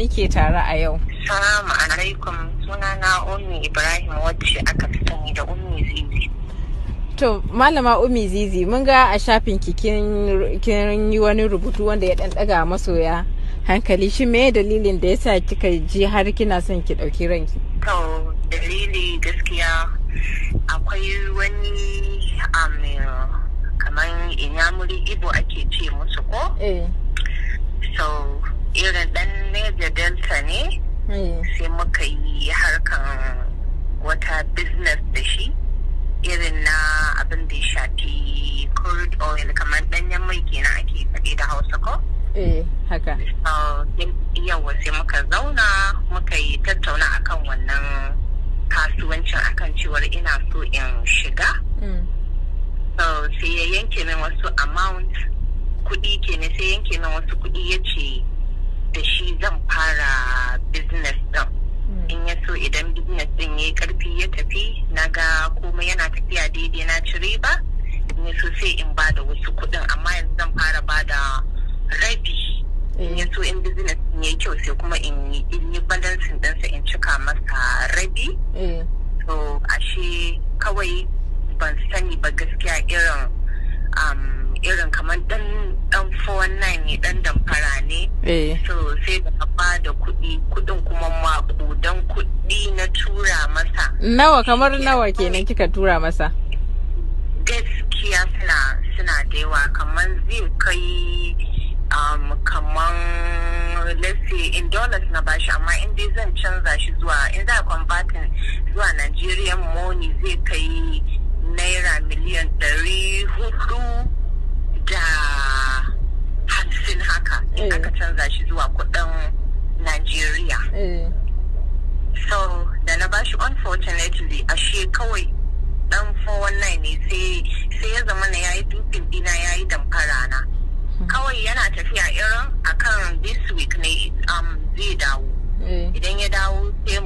muke tare a yau. Salamu alaikum sunana Ummi Ibrahim wacce aka fi sani da Ummi Zizi. To malama Ummi Zizi mun ga a shafin kin yi wani rubutu wanda ya dan daga masoya hankali shi me dalilin da yasa kika ji har kina son ki dauki ranki? To dalili gaskiya akwai wani um, kamar inyamuri ibo ake ce musu ko? Eh. So irin dan neja delta ne mm. sai muka yi harkan wata business da shi irin na abin da ya shafi crude oil kamar danyen mai kenan ake faɗi da hausa ko eh haka yawa sai muka zauna muka yi tattauna akan wannan kasuwancin akan cewar ina so in shiga mm. so sai ya yanke min wasu amount kuɗi kenan sai yanke min wasu kuɗi ya ce da shi zan fara business ɗin. Hmm. in ya so idan business ɗin ya karfi ya tafi na ga komai yana tafiya daidai na cire ba. in ya so sai in ba da wasu kuɗin amma yanzu zan fara ba da rabi in ya eh. so in business din ya kyau sai kuma in yi balansin ɗinsa in cika masa rabi to eh. ashe kawai ban sani ba gaskiya irin um, irin kamar dan dan 419 ne dan so eh. sai da ba da kuɗi kuɗin kuma mako, don kuɗi na tura masa nawa kamar nawa kenan kika tura masa gaskiya suna suna da yawa kamar zai kai um, kamar let's in dollars na bashi amma in dai zan canza shi zuwa in za a convertin zuwa Nigerian money zai kai naira miliyan ɗari hudu canza shi zuwa kudin Najeriya. Eh. So da na bashi unfortunately ashe kawai dan 419 ne sai ya zama na yayi dupin dina yayi damfara na. Hmm. Kawai yana tafiya irin akan this week ne um, zai dawo. Eh. Idan ya dawo sai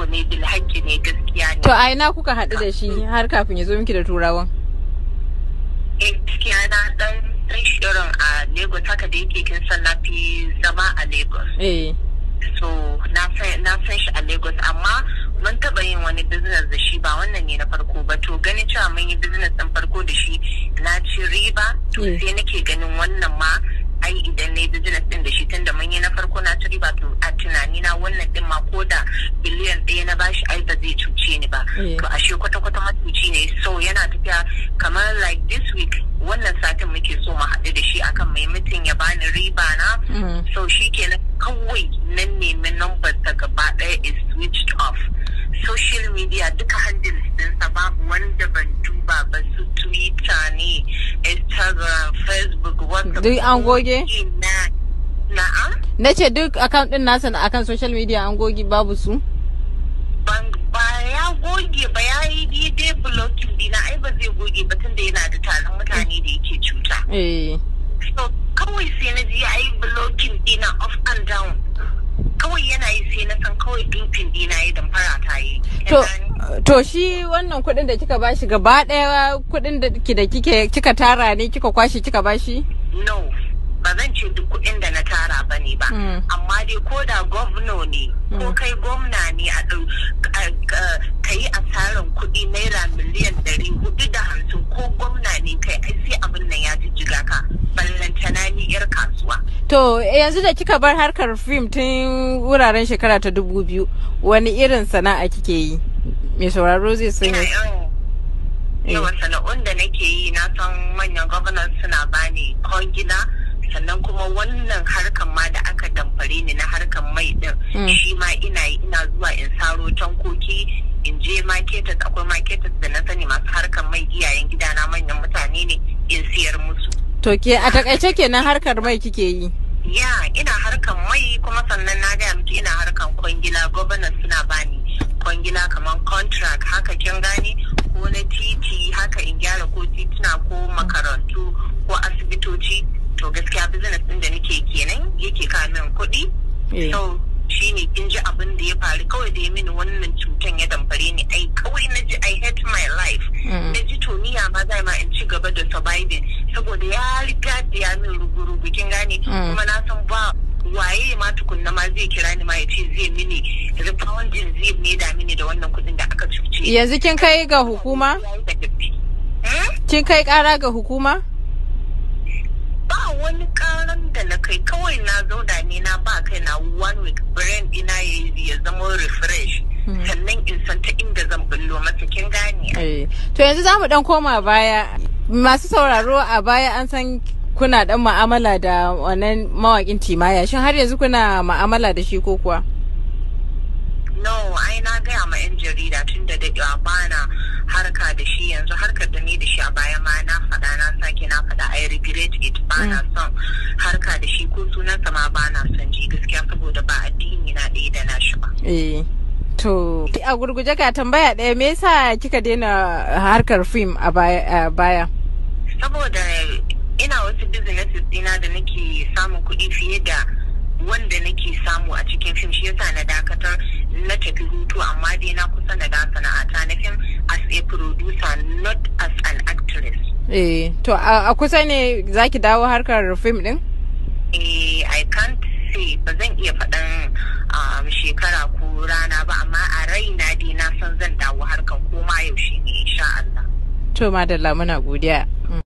ku ne bil hakki ne gaskiya ne to a ina kuka haɗu da shi har kafin ya zo miki da turawan eh, gaskiya na dan dan shirin a Lagos haka da yake kin san na fi zama a Lagos eh so na san shi a Lagos amma mun taɓa yin wani business da shi ba wannan ne na farko ba to ganin cewa mun yi business ɗin farko da shi na ci riba to eh. sai nake ganin wannan ma ai idan na yi business ɗin da shi tunda mun yi na farko na ci riba to a tunani na wannan ɗin ma ko da shi kwata-kwata matuci ne so yana tafiya kamar like this week wannan satin muke so mu haɗu da shi akan mai mutum ya bani riba na mm-hmm. so shi ke na kawai nan nemi number ta gaba ɗaya is switched off social media duka handles ɗinsa babu wanda ban duba ba su twitter ne instagram facebook whatsapp duk an goge na'am ah? na ce duk account ɗin nasa akan social media an goge babu su ai yi dai blocking dina ai ba zai goge ba tunda yana da tarin mutane da yake cuta eh. so kawai sai na ji yi blocking dina off and down kawai yana yi sai na san kawai dinkin dina ya damfara ta yi to shi wannan kuɗin da kika bashi gaba ɗaya kuɗin da kike kika tara ne kika kwashi kika bashi no ba zan ce duk kuɗin da na tara ba ne hmm. ba amma dai ko da gwamna ne ko hmm. kai gwamna ne a ka yi asaran kuɗi naira miliyan ɗari hudu da hamsin ko gwamna ne kai ai sai abin nan ya jijjiga ka ballantana ni yar kasuwa. To yanzu da kika bar harkar fim tun wuraren shekara ta dubu biyu wani irin sana'a kike yi? Mai sauraro zai sun yi. Eh. Yawan sana'un da nake yi na san manyan gwamnan suna bani kongina sannan kuma wannan harkar ma da aka damfare ni na harkar mai din mm. shi ma ina yi ina zuwa in saro tankoki in je marketers akwai marketers da na sani masu harkar mai iyayen na manyan mutane ne in siyar musu to ke a takaice kenan harkar mai kike yi ya ina harkar mai kuma sannan na gaya miki ina harkar kwangila gwamnan suna bani kwangila kamar contract haka kin gani ko na titi haka in gyara ko tituna ko makarantu ko asibitoci to gaskiya business din da nake kenan yake kamin kuɗi eh. so ne kin ji abin da ya faru kawai da ya mini wannan cutan ya gare ni ai kawai na ji I hate my life mm. na ji to ni ma zai ma in ci gaba da surviving saboda ya riga ya min rugu-rugu kin gane mm. kuma na san ba waye ma na ma zai kira ni ma ya ce zai mini refounding zai mai da mini da wannan kudin da aka cuce yanzu kin kai ga hukuma hmm? kin kai kara ga hukuma ba wani karan da na kai kawai na zauna ne na ba kai na one week brand ina ya zama refresh mm. sannan san ta inda zan bullo masa kin gane eh, to yanzu za mu dan koma baya masu sauraro a baya an san kuna dan ma'amala da wannan mawakin timaya shin har yanzu kuna ma'amala da shi ko kuwa no ai na gaya ma yan jarida tun da a bana harka da shi yanzu harkar da ni da shi a baya ma na faɗa na sake na faɗa I regret it ba na mm. son harka da shi ko sunansa ma ba na son ji gaskiya saboda ba addini na ɗaya da na shi ba. Eh. To, a gurguje ka tambaya ɗaya me yasa kika daina harkar fim a baya? Saboda ina wasu business dina da nake samun kuɗi fiye da wanda nake samu a cikin fim shi yasa na dakatar na tafi hutu amma dai na kusa na da sana'ata na fim as a producer not as an actress. Eh, to a kusa ne zaki dawo harkar fim ɗin? To madalla lamuna godiya.